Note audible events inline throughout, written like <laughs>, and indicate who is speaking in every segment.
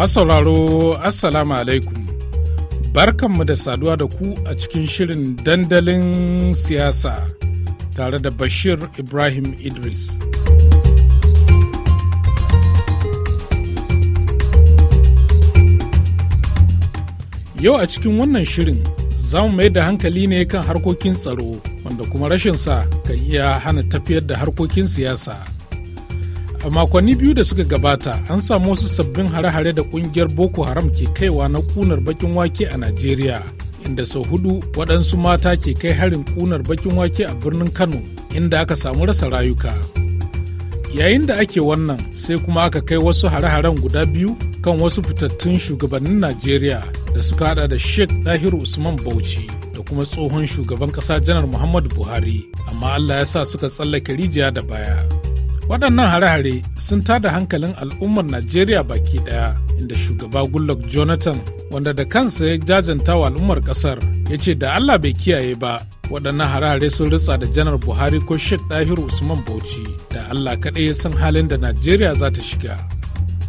Speaker 1: Masauraro Assalamu alaikum barkanmu da saduwa da ku a cikin shirin dandalin siyasa tare da Bashir Ibrahim Idris. Yau a cikin wannan shirin za mu mai da hankali ne kan harkokin tsaro wanda kuma rashinsa kan iya hana tafiyar da harkokin siyasa. a makonni biyu da suka gabata an samu wasu sabbin hare-hare da kungiyar boko haram ke kaiwa na kunar bakin wake a najeriya inda sau hudu waɗansu mata ke kai harin kunar bakin wake a birnin kano inda aka samu rasa rayuka yayin da ake wannan sai kuma aka kai wasu hare-haren guda biyu kan wasu fitattun shugabannin najeriya da suka hada da sheikh dahiru usman bauchi da kuma tsohon shugaban ƙasa janar muhammadu buhari amma allah ya sa suka tsallake rijiya da baya waɗannan hare-hare sun tada hankalin al'ummar najeriya baki ɗaya inda shugaba goodluck jonathan wanda da kansa ya jajanta wa al'ummar ƙasar ya ce da allah bai kiyaye ba waɗannan hare-hare sun ritsa da janar buhari ko sheikh ɗahiru usman bauchi da allah kaɗai ya san halin da najeriya za ta shiga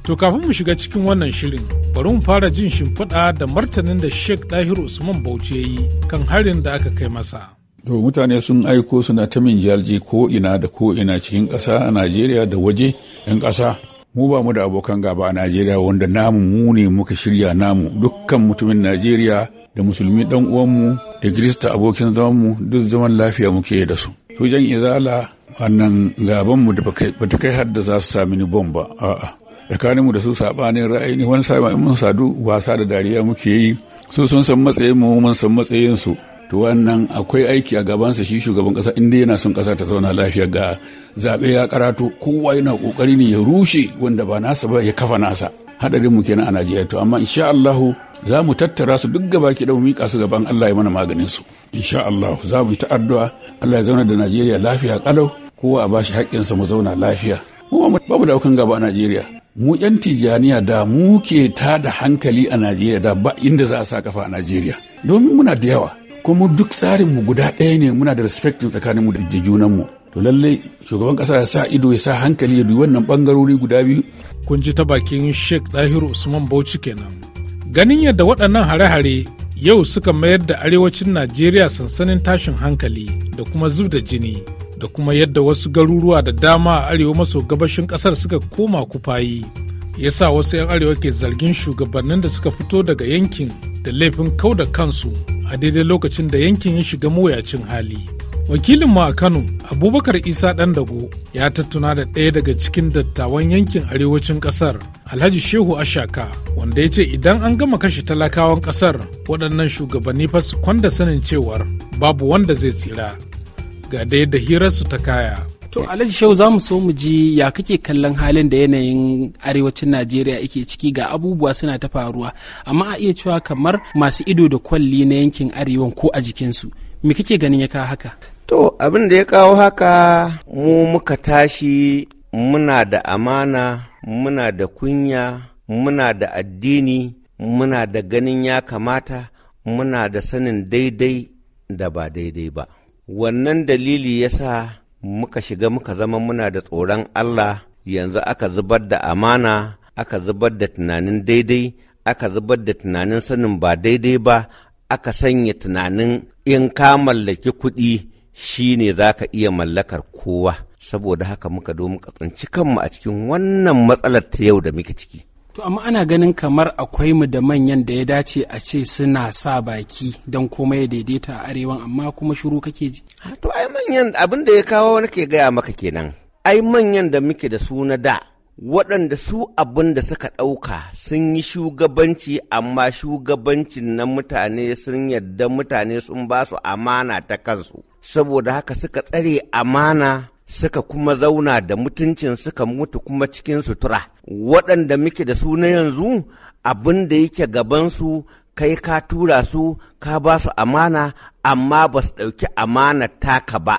Speaker 1: to kafin mu shiga cikin wannan shirin bari mu fara jin shimfiɗa da martanin da sheikh ɗahiru usman bauchi ya yi kan harin da aka kai masa
Speaker 2: To mutane sun aiko suna ta min jalji ko ina da ko ina cikin ƙasa a Najeriya da waje 'yan ƙasa. Mu ba mu da abokan gaba a Najeriya wanda namu mu ne muka shirya namu dukkan mutumin Najeriya da musulmi dan uwanmu da Kirista abokin zamanmu duk zaman lafiya muke da su. Sojan izala wannan gabanmu da ba ta kai haddasa su sami ni bom ba a'a. mu da su sabanin ra'ayi ne wani sa'in mun sadu wasa da dariya muke yi su sun san matsayin mu mun san matsayin su to wannan akwai aiki a gabansa shi shugaban kasa inda yana son kasa ta zauna lafiya ga zaɓe ya karatu kowa yana kokari ne ya rushe wanda ba nasa ba ya kafa nasa hadarin mu kenan a Najeriya to amma insha Allah za mu tattara su duk gaba ki da mu mika su gaban Allah ya mana maganin su insha Allah za mu yi ta addu'a Allah ya zauna da Najeriya lafiya kalau kowa a bashi sa mu zauna lafiya mu babu daukan gaba a Najeriya mu yan tijaniya da muke ta da hankali a najeriya da ba inda za a sa kafa a najeriya domin muna da yawa kuma duk tsarinmu guda ɗaya ne muna da respectin tsakaninmu da mu. to lallai shugaban ƙasa ya sa ido ya sa hankali ya duyi wannan ɓangarori guda biyu.
Speaker 1: kun ji ta bakin sheikh dahiru usman bauchi kenan ganin yadda waɗannan hare-hare yau suka mayar da arewacin najeriya sansanin tashin hankali da kuma zub da jini da kuma yadda wasu garuruwa da dama a arewa maso gabashin ƙasar suka koma kufayi ya sa wasu 'yan arewa ke zargin shugabannin da suka fito daga yankin da laifin kau da kansu a daidai lokacin da yankin ya shiga mawuyacin hali wakilin a kano abubakar isa dago ya tattuna da ɗaya daga cikin dattawan yankin arewacin ƙasar alhaji shehu ashaka wanda ya ce idan an gama kashe talakawan ƙasar waɗannan shugabanni fa su kwanda sanin cewar babu wanda zai tsira ga da yadda hirarsu ta kaya to alhaji shehu za mu so mu ji ya kake kallon halin da yanayin
Speaker 3: arewacin najeriya yake ciki ga abubuwa suna ta faruwa amma a iya cewa kamar masu ido
Speaker 4: da kwalli na yankin arewan ko a
Speaker 3: jikinsu me kake ganin ya kawo haka
Speaker 4: to abin da ya kawo haka mu muka tashi muna da amana muna da kunya muna da addini muna da ganin ya kamata muna da sanin daidai da ba daidai ba wannan dalili ya sa muka shiga muka zama muna da tsoron Allah yanzu aka zubar da amana aka zubar da tunanin daidai aka zubar da tunanin sanin ba daidai ba aka sanya tunanin in ka mallaki kuɗi shi ne za ka iya mallakar kowa saboda haka muka zo muka tsinci kanmu a cikin wannan matsalar ta yau da muke ciki
Speaker 3: To amma ana ganin kamar akwai mu da manyan da ya dace a ce suna sa baki don komai ya daidaita a arewan amma kuma shuru kake ji. Ah,
Speaker 4: to ai manyan abin da ya kawo ke gaya maka kenan. Ai manyan da muke da su na da waɗanda su abin da suka ɗauka sun yi shugabanci amma shugabancin na mutane sun yadda mutane sun ba su amana ta kansu. Saboda haka suka tsare amana suka kuma zauna da mutuncin suka mutu kuma cikin sutura waɗanda muke da su na yanzu abin da yake gabansu kai ka tura su ka ba su amana amma ba su ɗauki amana taka ba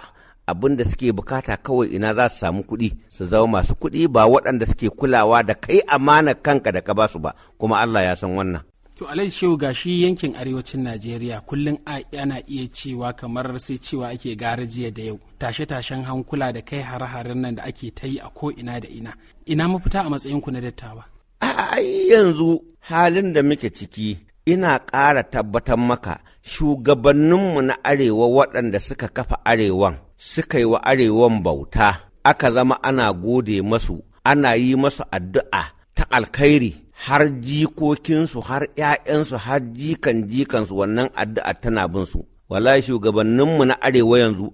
Speaker 4: abin da suke bukata kawai ina za su samu kuɗi su zama masu kuɗi ba waɗanda suke kulawa da kai amana kanka da ka ba su ba kuma Allah ya san wannan
Speaker 3: To Alhaji Shehu gashi yankin arewacin Najeriya kullum ana iya cewa kamar sai cewa ake gara jiya da yau tashe-tashen hankula da kai hare-haren nan da ake ta yi a ko ina da ina. Ina mafita a matsayinku na dattawa?
Speaker 4: A'a yanzu halin da muke ciki ina ƙara tabbatar maka shugabanninmu na arewa waɗanda suka kafa arewan suka yi wa arewan bauta aka zama ana gode masu ana yi masu addu'a ta alkhairi har jikokinsu har ‘ya'yansu har jikan jikansu wannan addu'a tana bin su wallahi shugabanninmu na arewa yanzu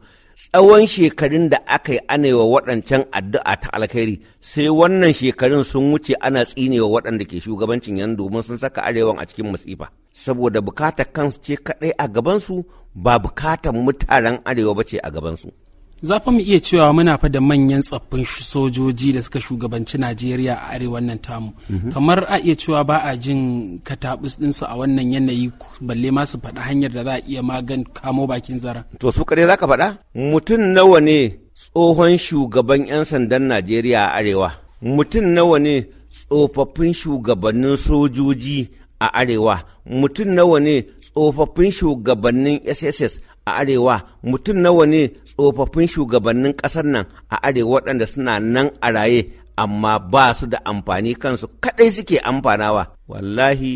Speaker 4: tsawon shekarun da aka yi ana wa waɗancan addu'a ta alkhairi sai wannan shekarun sun wuce ana tsinewa waɗanda ke shugabancin yan domin sun saka arewan a cikin masifa saboda bukatar kansu ce kaɗai a gabansu ba bukatar mutanen arewa ba ce a gabansu za
Speaker 3: fa mu iya cewa muna fa da manyan tsaffin sojoji da suka shugabanci najeriya a arewa nan tamu mhm. kamar a iya cewa ba a jin katabus ɗinsu a wannan yanayi balle ma su faɗa hanyar da za a iya magan kamo bakin zara
Speaker 4: to su kare za ka faɗa mutum nawa ne tsohon shugaban 'yan sandan najeriya a arewa mutum nawa ne tsofaffin shugabannin sojoji a arewa mutum nawa ne tsofaffin shugabannin sss a arewa mutum nawa ne tsofaffin shugabannin ƙasar nan a arewa waɗanda suna nan a raye amma ba su da amfani kansu kaɗai suke amfanawa wallahi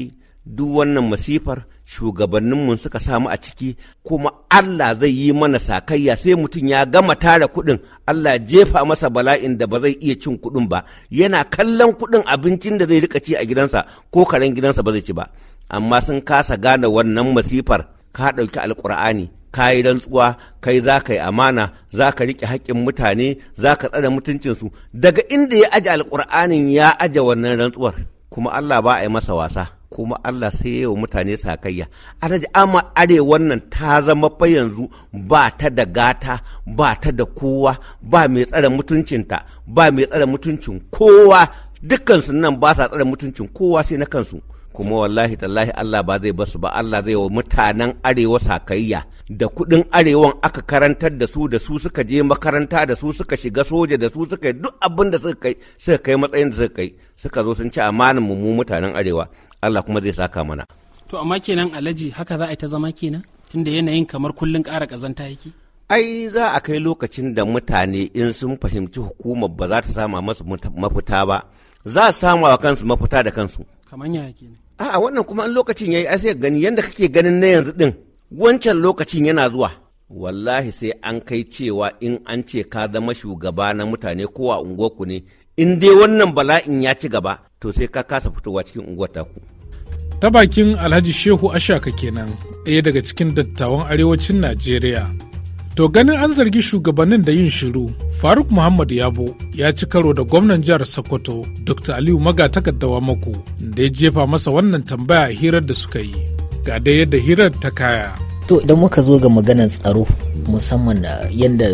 Speaker 4: duk wannan masifar shugabanninmu suka samu a ciki kuma Allah zai yi mana sakayya sai mutum ya gama tara kuɗin Allah jefa masa bala'in da ba zai iya cin kuɗin ba yana kallon kuɗin abincin da zai rika ci a gidansa ko karen gidansa ba zai ci ba amma sun kasa gane wannan masifar ka ɗauki alkur'ani ka yi rantsuwa kai za ka yi amana za ka riƙe haƙƙin mutane za ka tsare mutuncinsu daga inda ya aje alkur'anin ya aje wannan rantsuwar kuma Allah ba a yi masa wasa kuma Allah sai yawa mutane sakayya alhaji ama are wannan ta zama fa yanzu ba ta da gata ba ta da kowa ba mai tsare mutuncinta ba mai tsare mutuncin kowa dukkan nan ba sa tsare mutuncin kowa sai na kansu kuma wallahi tallahi Allah ba zai basu ba Allah zai wa mutanen arewa sakayya da kudin arewan aka karantar da su da su suka je makaranta da su suka shiga soja da su suka yi duk abin da suka kai suka kai matsayin da suka kai suka zo sun ci amanin mu mutanen arewa Allah kuma zai saka mana
Speaker 3: to amma kenan alaji haka za a yi ta zama kenan tunda yanayin kamar kullun ƙara kazanta yake
Speaker 4: ai za a kai lokacin da mutane in sun fahimci hukumar ba za ta sama masu mafita ba za a sama wa kansu mafita da kansu kamar yaya kenan a'a wannan kuma an lokacin yi ai sai gani yadda kake ganin na yanzu din wancan lokacin yana zuwa wallahi sai an kai cewa in an ce ka zama shugaba na mutane ko a unguwarku ne in dai wannan bala'in ya ci gaba to sai ka kasa fitowa cikin unguwar taku
Speaker 1: ta bakin alhaji shehu ashaka kenan ɗaya daga cikin dattawan arewacin najeriya To ganin an zargi shugabannin da yin shiru, Faruk Muhammad Yabo ya ci karo da gwamnan jihar Sokoto, Dr. Aliyu Maga takaddawa mako, da ya jefa masa wannan tambaya a hirar da suka yi. Ga dai yadda hirar ta kaya.
Speaker 5: To idan muka zo ga maganar tsaro musamman uh, yadda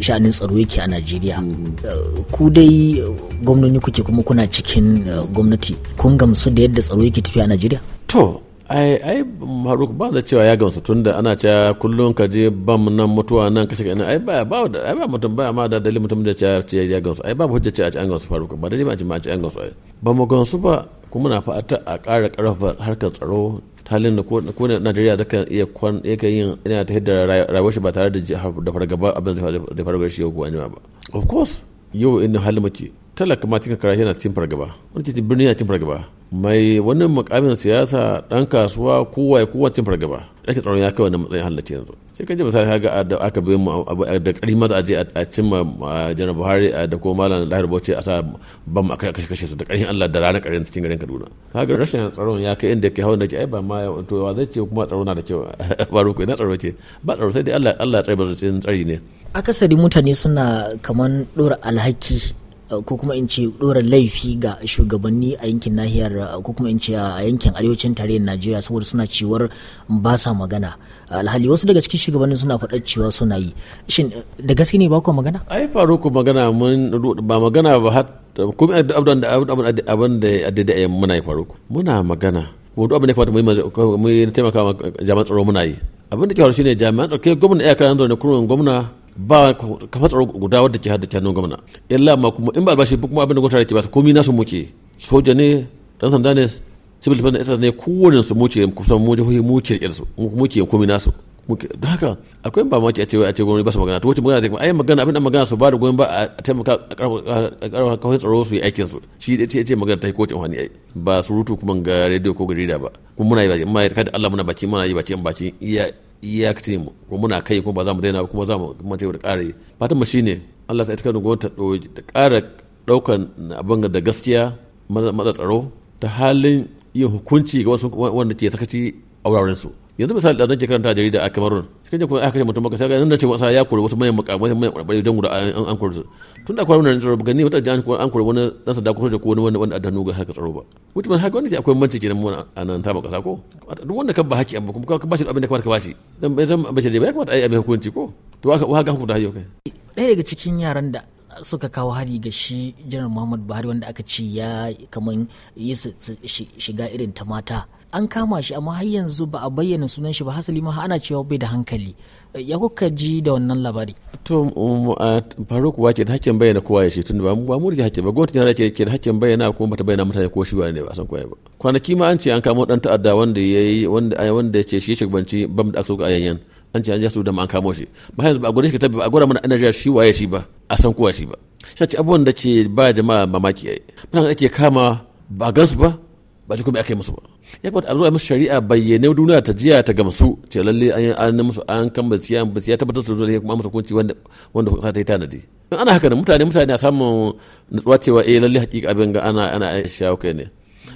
Speaker 5: sha'anin tsaro yake a Najeriya. Uh, ku dai gwamnoni kuke kuma kuna cikin uh, gwamnati, kun gamsu da yadda tsaro yake tafiya a Najeriya? To ai ai haruk
Speaker 6: ba za cewa ya gamsu tunda ana cewa kullum ka je bam nan mutuwa nan kashe kai ai ba ba ai ba mutum ba ma da dalilin mutum da cewa ya gamsu ai ba hujja cewa a ci an gamsu faruk ba dalilin a ci ma a ci an gamsu ai ba mu gamsu ba kuma na fata a ƙara ƙarfafa harkar tsaro halin da ko Najeriya kan iya kwan yake yin ina ta hidda rayuwar shi ba tare da da fargaba abin da faru shi yau ko ba of course yau in halin mace talaka ma cikin karashi yana cikin fargaba wani cikin birni yana cikin fargaba mai wannan mukamin siyasa dan kasuwa kowa cin fargaba ce tsaron ya kai wannan matsayin halarci yanzu sai kaje misali kaga da aka bi mu da kari mata aje a cimma jana buhari da ko malam lahir bauchi a sa mu akai kashe kashe su da karin allah da ranar karin cikin garin kaduna kaga rashin tsaron ya kai inda ke hawan da ke ai ba ma to wa zai ce kuma tsaro na da kyau <laughs> ba ruku ina tsaro ce ba tsaro sai dai allah allah tsare ba tsari ne
Speaker 5: akasari mutane suna kaman dora alhaki Uh, ko kuma in ce ɗora laifi ga shugabanni a yankin nahiyar uh, ko kuma in ce a yankin arewacin tarayyar najeriya saboda suna cewar ba sa magana uh, alhali wasu daga cikin shugabannin suna faɗa cewa suna yi shin da gaske ne ba ku magana
Speaker 6: ai faru ku magana mun ba magana ba har kuma abin da abin da adada muna yi faru muna magana wanda abin da ya kamata mun yi taimaka jami'an tsaro muna yi abin da ke faru shine jami'an tsaro ke gwamna iyakar yanzu da kurun gwamnati ba fa tsaro guda wadda ke haddace hannun gwamna illa ma kuma in ba albashi ba kuma abin da gwamnati ke ba komi nasu muke soja ne dan sanda ne civil defense SS ne kowanne su muke kusan mu jihohi mu kirkir su mu komi nasu muke don haka akwai ba maki a ce a ce gwamnati ba su magana to wace magana ta ai magana abin da magana su ba da gwamnati ba a taimaka a karfafa kawai tsaro su yi aikin su shi ce ce magana ta kowace wani ai ba surutu kuma ga rediyo ko jarida ba kuma muna yi ba amma ya kada Allah muna baki muna yi baki in baki iya iya mu ko muna kai kuma ba za mu daina ba kuma za mu mace da ƙare fatan mu shine Allah sai ta gwamnati ta ɗoyi da ƙara ɗaukan abin da gaskiya matsa tsaro ta halin yin hukunci ga wasu wanda ke sakaci a wuraren su yanzu misali da nake karanta jarida a kamarun cikin jikin aka kashe mutum maka sai nan da cewa a ya kore wasu manyan makamai manyan kwarbai don guda an kore su tun da kwanan nan gani wata jihar an kore wani dan sanda ko da ko wani a wanda ga haka tsaro ba mutum haka ce akwai manci ke a nan ta ko duk wanda ba haki amma kuma ka bashi abin da kamar ka bashi dan bai da ya kamata abin hukunci ko to haka haka hukunta hayo kai
Speaker 5: ɗaya daga cikin yaran da suka kawo hari ga shi janar muhammad buhari wanda aka ce ya kamar yi shiga irin ta mata an kama shi amma har yanzu ba a bayyana sunan shi ba hasali ma ana cewa bai da hankali ya kuka ji da wannan labari to um,
Speaker 6: faruk wa ke da hakkin bayyana kowa ya shi tun ba ba mu da hakkin ba gwamnati na ke da hakkin bayyana ko bata bayyana mutane ko shi ne ba san kwaye ba kwanaki ma an ce an kamo dan ta'adda wanda yayi wanda wanda ya ce shi shugabanci bam da aka so a yanyan an ce an ja su da an kamo shi ba yanzu ba a gwada shi ka ba a gwada mana energy shi waye shi ba a san kowa shi ba shaci abubuwan da ke ba jama'a mamaki yayi mutane ake kama ba gansu ba ba ji kuma ake musu ba ya kamata a zo a musu shari'a bayyane duniya ta jiya ta gamsu ce lalle an anan musu an kan ba siya tabbatar su zuwa kuma musu kunci wanda wanda ta yi tanadi in ana haka da mutane mutane a samun nutsuwa cewa eh lalle hakika abin ga ana ana shawo kai ne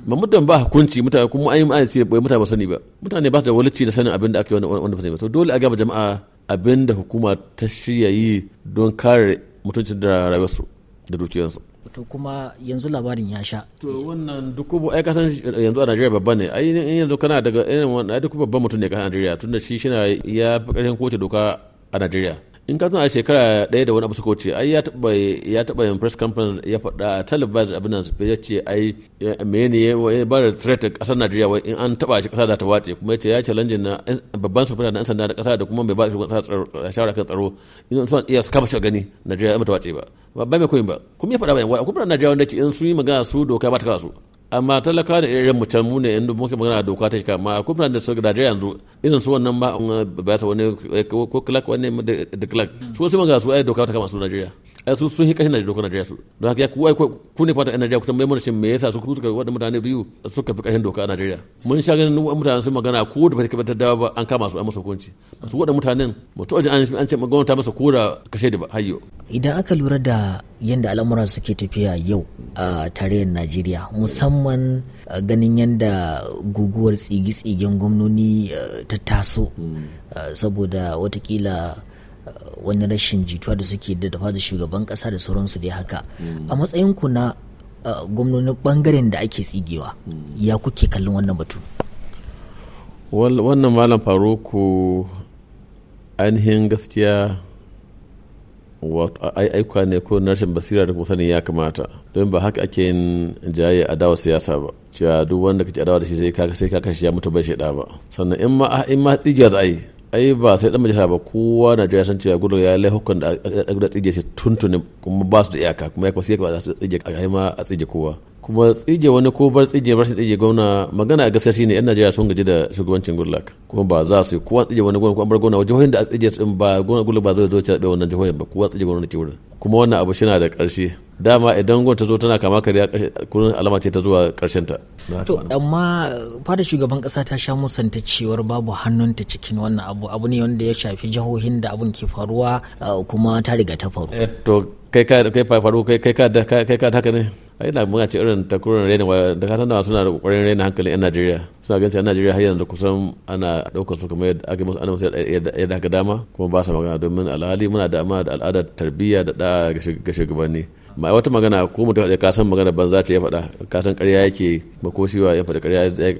Speaker 6: ma muddin ba hukunci mutane kuma an yi ma'ana ce mutane ba sani ba mutane ba su da walici da sanin abin da aka yi wanda ba sani ba to dole a gaba jama'a abin da hukuma ta shirya yi don kare mutuncin da rayuwarsu da dukiyarsu
Speaker 5: to kuma yanzu labarin ya sha to wannan dukubu ai kasan
Speaker 6: eh, yanzu a Najeriya babba ne ai yanzu kana daga irin wannan ai babban mutum ne ka Najeriya tunda shi shi ya fi kotu kowace doka a Najeriya in ka zama a shekara ɗaya da wani abu suka wuce ai ya taba ya taba yin press conference ya faɗa a talibas abin nan ya ce ai mene ya ba da threat ƙasar Najeriya wai in an taba shi ƙasa za ta wace kuma ya ce ya challenge na babban sufura na ɗan sanda na ƙasa da kuma mai ba shi shawara kan tsaro in sun san iya su kama shi gani Najeriya ba ta wace ba ba mai koyin ba kuma ya faɗa bayan wai akwai Najeriya wanda ce in sun yi magana su doka ba ta kawo su amma talaka da irin mutum mu ne inda muke magana doka ta kama akwai mutane da su daje yanzu irin su wannan ba ba ta wani ko clerk wani da clerk su wasu magana su ai doka ta kama su Najeriya ai eh, su sun hikashin da dokar Najeriya su don haka ku ai ku ne fatan Najeriya ku tambaye shi me yasa su kusa wadda mutane biyu suka fi karshen doka a Najeriya mun sha ganin mutane sun magana ko da ba ta dawa ba an kama su an masa hukunci su waɗanda mutanen mutum an ce gwamnati ta masa ko da kashe da ba hayo
Speaker 5: idan aka lura da yadda al'amura suke tafiya yau a tarayyar najeriya musamman eh, ganin yadda guguwar tsigi-tsigen gwamnoni eh, ta taso hmm. saboda watakila wani rashin jituwa da suke da dafa da shugaban kasa da sauransu dai haka a matsayin ku na gwamnoni bangaren da ake tsigewa ya kuke kallon wannan batu
Speaker 6: wannan malam faruku ainihin gaskiya aikwa ne ko na rashin basira da kuma sani ya kamata don ba haka ake yin jaye dawa siyasa ba cewa duk wanda kake adawa da shi sai ka kashe ya mutu bai shaida ba sannan in ma tsigiyar za a yi ai ba sai dan majalisa ba kowa na jira san cewa gudu ya hukun da gudu tsige shi tuntuni kuma ba su da iyaka kuma ya kwasi ya ba za a ma a tsige kowa kuma tsige wani ko bar tsige bar tsige gwamna magana a gaskiya shine yan Najeriya sun gaji da shugabancin Goodluck kuma ba za su kowa tsige wani gwamna ko bar gwamna jihohin da a tsige din ba gwamna Goodluck ba zai zo ya wannan jihohin ba kowa tsige gwamna ke wurin kuma wannan abu shi na da karshe dama idan gwamna ta zo tana kama kariya kullun alama ce ta zuwa karshen ta to
Speaker 5: amma fada shugaban kasa ta sha musanta cewar babu hannunta cikin wannan abu abu ne wanda ya shafi jihohin da abun ke faruwa eh, kuma ta riga ta faru eh,
Speaker 6: to kai ka kai faru kai kai ka kai ka haka ne da muna ce irin takurin raina da ka sanawa suna da kokarin raina hankalin yan najeriya suna ganin yan najeriya har yanzu kusan ana daukar su kamar yadda ake musu ana musu yadda aka dama kuma ba sa magana domin alhali muna da amma da al'adar tarbiyya da da ga shugabanni ma wata magana ko mutum da kasan magana banza ce ya faɗa kasan ƙarya yake ba ko shiwa ya faɗa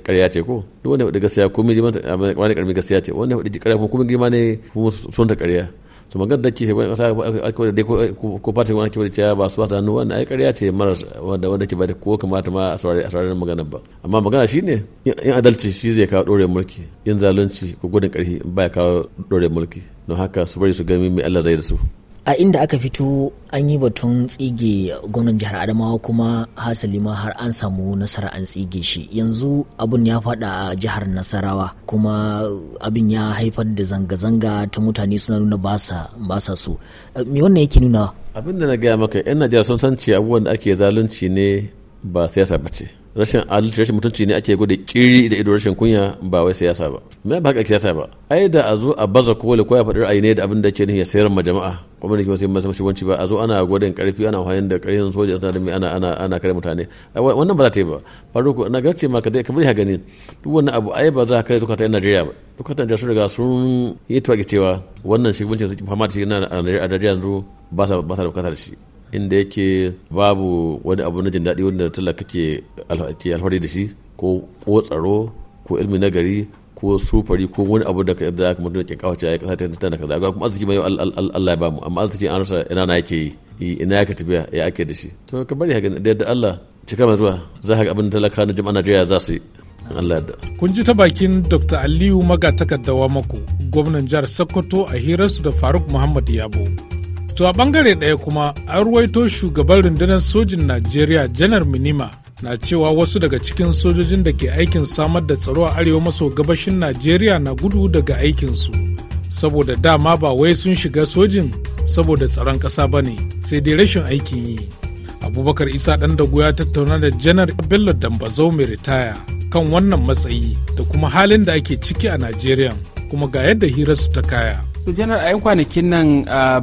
Speaker 6: ƙarya ce ko duk wanda ya faɗi gaskiya ko mai jiman ne ƙarmi gaskiya ce wanda ya faɗi ƙarya kuma kuma ne kuma sun ta ƙarya to magana da ce wani kasa ko da ko fata wani kibar cewa ba su wata hannu wannan ai karya ce mara wanda wanda ke ba da ko kamata ma a sauraron magana ba amma magana ne. in adalci shi zai kawo dore mulki in zalunci ko gudun ƙarfi ba ya kawo dore mulki don haka su bari su gami mai Allah zai da su
Speaker 5: a inda aka fito an yi batun tsige gwamnan jihar adamawa kuma hasali ma har an samu nasara an tsige shi yanzu abin ya fada a jihar nasarawa kuma abin ya haifar da zanga-zanga ta mutane suna nuna ba sa so eh, me wannan yake nuna
Speaker 6: abin da na gaya maka yan najeriya sun san ce abubuwan da ake zalunci ne ba siyasa ba ce rashin adalci rashin mutunci ne ake gwada kiri da ido rashin kunya ba wai siyasa ba me ba haka siyasa ba ai da a zo a baza kole ko ya faɗi ra'ayi ne da abin da ke ya sayar ma jama'a kwamar da sai masu shugabanci ba a zo ana gwadin karfi ana hayan da karfin soja suna da mai ana ana ana kare mutane wannan ba za ta yi ba faru na garce ma ka bari ha gani duk wani abu ai ba za ka kare zukatan Najeriya ba zukatan Najeriya sun riga sun yi tuwaki cewa wannan shugabancin su fama da shi na Najeriya yanzu ba sa ba sa da bukatar shi inda yake babu wani abu na jin daɗi wanda talaka ke alfahari da shi ko ko tsaro ko ilmi nagari ko sufari ko wani abu da ka da ka mutum ke kawace ya kasa ta tana kaza ga kuma arziki mai Allah ya bamu amma arziki an rasa ina na yake yi ina yake tafiya ya ake da shi to ka bari haka da yadda Allah cika mai zuwa za ka abin talaka na jama'a Najeriya za su yi Allah da.
Speaker 1: Kun ji ta bakin Dr. Aliyu maga takaddawa Mako, gwamnan jihar Sokoto a hirarsu da Faruk Muhammad Yabo. To a bangare daya kuma an ruwaito shugaban rundunar sojin Najeriya Janar Minima na cewa wasu daga cikin sojojin da ke aikin samar da tsaro a arewa maso gabashin najeriya na gudu daga aikinsu saboda dama ba wai sun shiga sojin saboda tsaron ƙasa ba ne sai dai rashin aikin yi abubakar isa ɗan da ya tattauna da janar bello dambazo mai ritaya kan wannan matsayi da kuma halin da ake ciki a najeriya kuma ga yadda su ta kaya To janar a kwanakin nan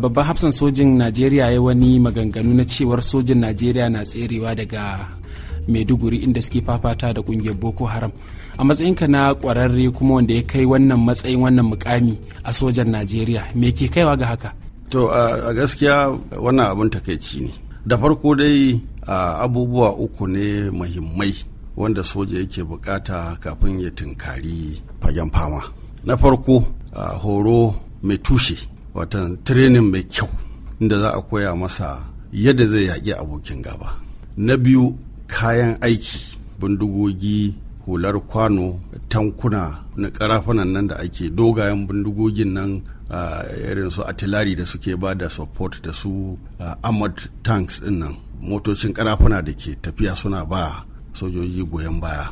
Speaker 1: babban hafsan sojin
Speaker 3: Najeriya ya wani maganganu na cewar sojin Najeriya na tserewa daga maiduguri inda suke fafata da kungiyar boko haram a matsayinka na kwararre kuma wanda ya kai wannan matsayin wannan mukami a sojan najeriya me ke kaiwa ga haka
Speaker 7: to a gaskiya wannan abin takaici ne da farko dai abubuwa uku ne muhimmai wanda soja yake bukata kafin ya tunkari fagen fama na farko horo mai tushe watan trenin mai kyau inda za a koya masa yadda zai yaƙi abokin gaba na biyu kayan aiki bindigogi hular kwano tankuna na karafunan nan da ake dogayen bindigogin nan irin su atilari da suke ba da support da su armored tanks din nan motocin karafuna da ke tafiya suna ba sojoji goyon baya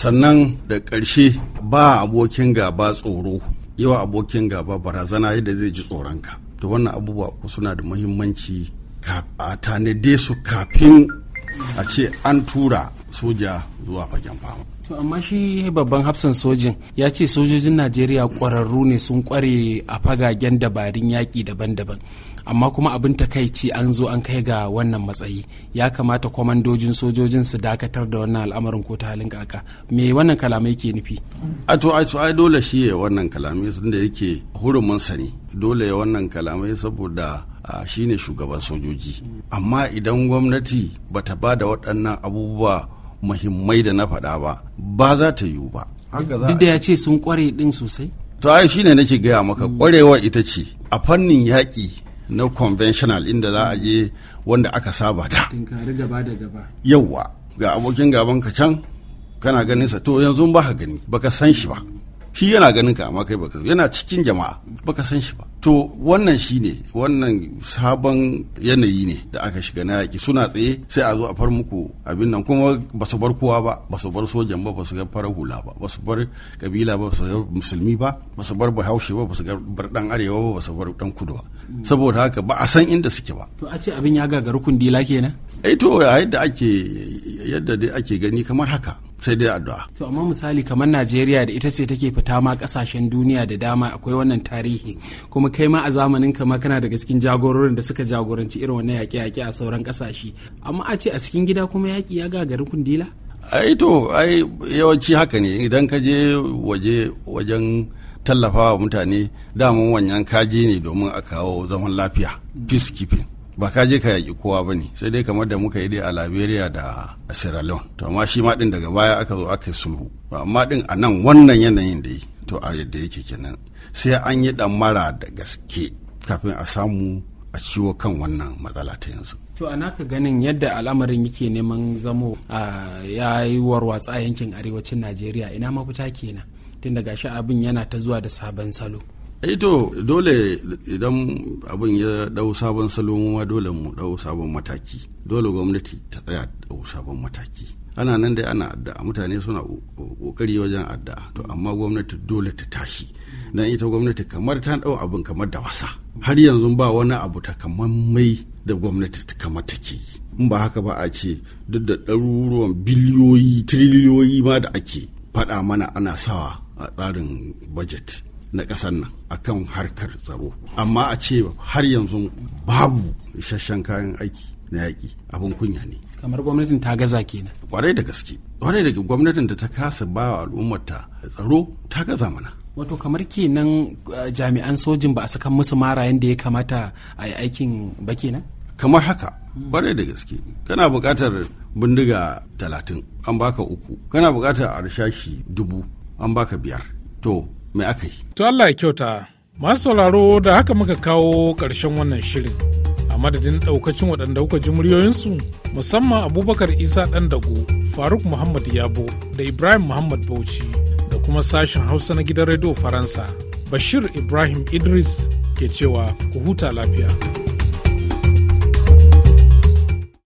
Speaker 7: sannan da ƙarshe ba abokin gaba tsoro yawa abokin gaba barazana yadda zai ji tsoronka to wannan abubuwa suna da muhimmanci a tanade su kafin a ce an tura soja zuwa fagen fama
Speaker 3: to amma shi babban hafsan sojin ya ce sojojin najeriya ƙwararru ne sun kware a fagagen dabarun yaƙi daban-daban amma kuma abin ta takaici an zo an kai ga wannan matsayi ya kamata kwamandojin sojojin su dakatar da wannan al'amarin ko ta halin kaka me wannan kalamai ke nufi
Speaker 7: a to ai dole shi ya wannan kalamai sun da yake hurumin sani dole ya wannan kalamai saboda a shine shugaban sojoji amma idan gwamnati bata ba da waɗannan abubuwa muhimmai da na faɗa ba ba za ta yiwu ba
Speaker 3: duk da ya ce sun kware ɗin sosai to
Speaker 7: ai shine nake gaya maka kwarewa hmm. ita ce a fannin yaƙi na conventional inda za a je wanda aka saba da yauwa ga abokin gaban ka can kana ganin sa to yanzu ba ka gani baka san shi ba shi yana ganin ka amma kai baka yana cikin jama'a baka san shi ba to wannan shi ne wannan sabon yanayi ne da aka shiga na yaki suna tsaye sai a zo a far muku abin nan kuma ba su bar kowa ba ba su bar sojan ba ba su ga farar hula ba ba su bar kabila ba ba su bar musulmi ba ba su bar bahaushe ba ba su bar dan arewa ba ba su bar dan kudu ba saboda haka ba a san inda suke ba
Speaker 3: to a ce abin ya gagaru kundila kenan
Speaker 7: eh to yadda ake yadda dai ake gani kamar haka sai dai addu'a
Speaker 3: to amma misali kamar Najeriya da ita ce take fita ma kasashen duniya da dama akwai wannan tarihi kuma kai ma a zamanin kama kana daga cikin jagororin da suka jagoranci irin wannan yaƙe-yaƙe a sauran kasashe amma a ce a cikin gida kuma yaƙi ya gagari kundila
Speaker 7: ai ai yawanci haka ne idan ka je waje wajen tallafa mutane daman wanyan kaji ne domin a kawo zaman lafiya peacekeeping ba ka je ka yaƙi kowa ba ne sai dai kamar da muka yi dai a liberia da sierra leone to amma shi ma din daga baya aka zo aka yi sulhu amma din a nan wannan yanayin da yi to a yadda yake kenan sai an yi ɗan mara da gaske kafin a samu a ciwo kan wannan matsala ta yanzu
Speaker 3: to a naka ganin yadda al'amarin yake neman zamo a ya yi warwatsa yankin arewacin najeriya ina mafita kenan tun daga shi abin yana ta zuwa da sabon salo
Speaker 7: Eh to dole idan abin ya dau sabon salon ma dole mu dau sabon mataki dole gwamnati ta tsaya dau sabon mataki ana nan dai ana addu'a mutane suna kokari wajen addu'a to amma gwamnati dole ta tashi dan ita gwamnati kamar ta dau abin kamar da wasa har yanzu ba wani abu ta kamar mai da gwamnati kamar take in ba haka ba a ce duk da ɗaruruwan biliyoyi tiriliyoyi ma da ake faɗa mana ana sawa a tsarin budget na ƙasar nan a kan harkar tsaro amma a ce har yanzu babu isasshen kayan aiki na yaƙi abin kunya ne kamar gwamnatin ta gaza kenan kwarai da gaske kwarai da gwamnatin da ta kasa ba al'ummarta tsaro ta gaza mana
Speaker 3: wato kamar kenan eh, jami'an sojin ba a sakan musu mara yadda ya kamata a yi aikin ba kenan kamar haka
Speaker 7: kwarai da gaske kana buƙatar bindiga talatin an baka uku kana buƙatar arshashi dubu an baka biyar to mai aka yi.
Speaker 1: To Allah ya kyauta, masu sauraro da haka muka kawo ƙarshen wannan shirin. A madadin ɗaukacin waɗanda kuka ji muryoyinsu musamman Abubakar Isa ɗan dago, Faruk Muhammad Yabo da Ibrahim Muhammad Bauchi da kuma sashen Hausa na gidan Rediyo Faransa. Bashir Ibrahim Idris ke cewa ku huta lafiya.